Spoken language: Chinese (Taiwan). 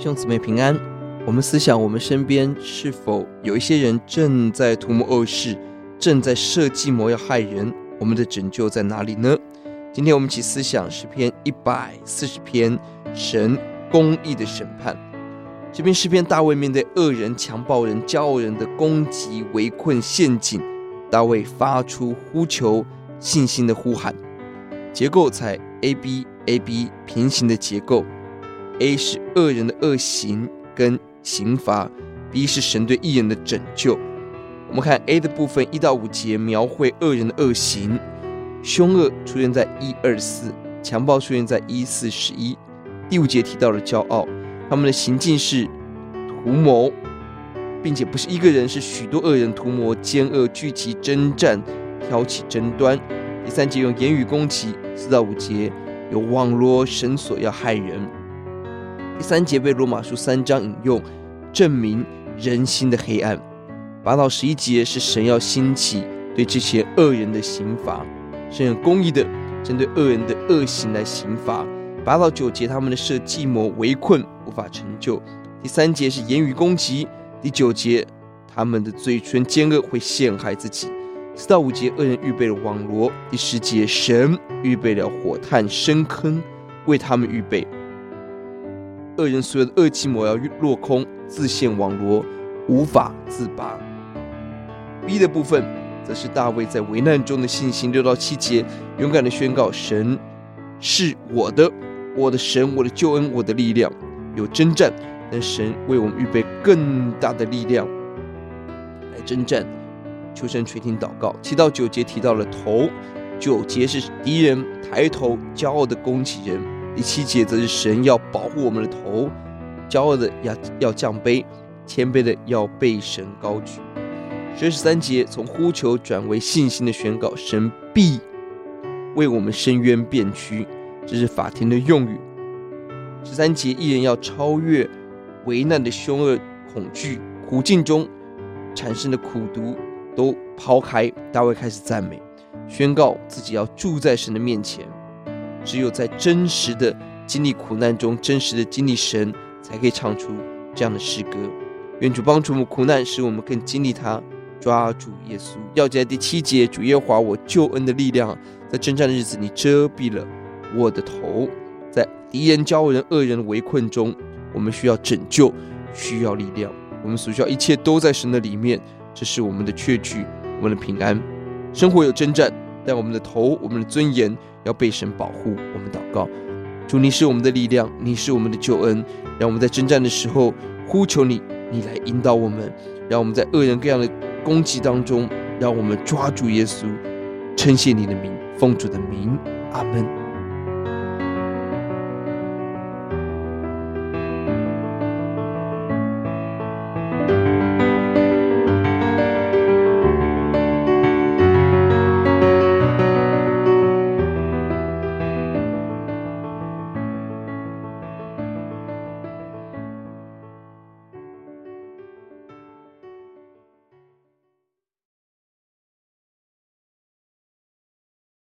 兄姊妹平安，我們思想我們身邊是否有一些人正在圖謀惡事，正在設計謀要害人，我們的拯救在哪裡呢？今天我們一起思想詩篇一百四十篇，神公義的審判。這篇詩篇，大衛面對惡人、強暴人、驕傲人的攻擊、圍困、陷阱，大衛發出呼求，信心的呼喊。結構採 A B A B 平行的結構。A 是惡人的惡行跟刑罰，B 是神對義人的拯救。我們看 A 的部分，一到五節描繪惡人的惡行，兇惡出現在一二四，強暴出現在一四十一。第五節提到了驕傲，他們的行徑是圖謀，並且不是一個人，是許多惡人圖謀奸惡，聚集爭戰，挑起爭端。第三節用言語攻擊，四到五節有網羅繩索要害人。第三節被羅馬書三章引用，證明人心的黑暗。八到十一節是神要興起對這些惡人的刑罰，是很公義的，針對惡人的惡行來刑罰。八到九節他們的設計謀圍困，無法成就。第三節是言語攻擊。第九節他們的嘴唇奸惡，會陷害自己。四到五節惡人預備了網羅。第十節神預備了火炭深坑，為他們預備。惡人所有的惡計謀要落空，自陷網羅，無法自拔。B 的部分，則是大衛在危難中的信心。六到七節，勇敢的宣告：神是我的，我的神，我的救恩，我的力量。有征戰，但神為我們預備更大的力量來征戰。求神垂聽禱告，七到九節提到了頭，九節是敵人抬頭驕傲的攻擊人。第七節則是神要保護我們的頭，驕傲的要要降卑，謙卑的要被神高舉。十三節從呼求轉為信心的宣告，神必為我們伸冤辯屈，這是法庭的用語。十三節義人要超越危難的兇惡、恐懼、苦境中產生的苦毒，都拋開。大衛開始讚美，宣告自己要住在神的面前。只有在真實的經歷苦難中，真實的經歷神，才可以唱出這樣的詩歌。願主幫助我們苦難，使我們更經歷它。抓住耶穌。要記得第七節，主耶和華我救恩的力量，在征戰的日子，你遮蔽了我的頭，在敵人、驕傲人、惡人的圍困中，我們需要拯救，需要力量。我們所需要一切都在神的裡面，這是我們的確據，我們的平安。生活有征戰但我們的頭，我們的尊嚴，要被神保護。我們禱告，主，你是我們的力量，你是我們的救恩。讓我們在征戰的時候呼求你，你來引導我們；讓我們在惡人各樣的攻擊當中，讓我們抓住耶穌，稱謝你的名，奉主的名，阿門。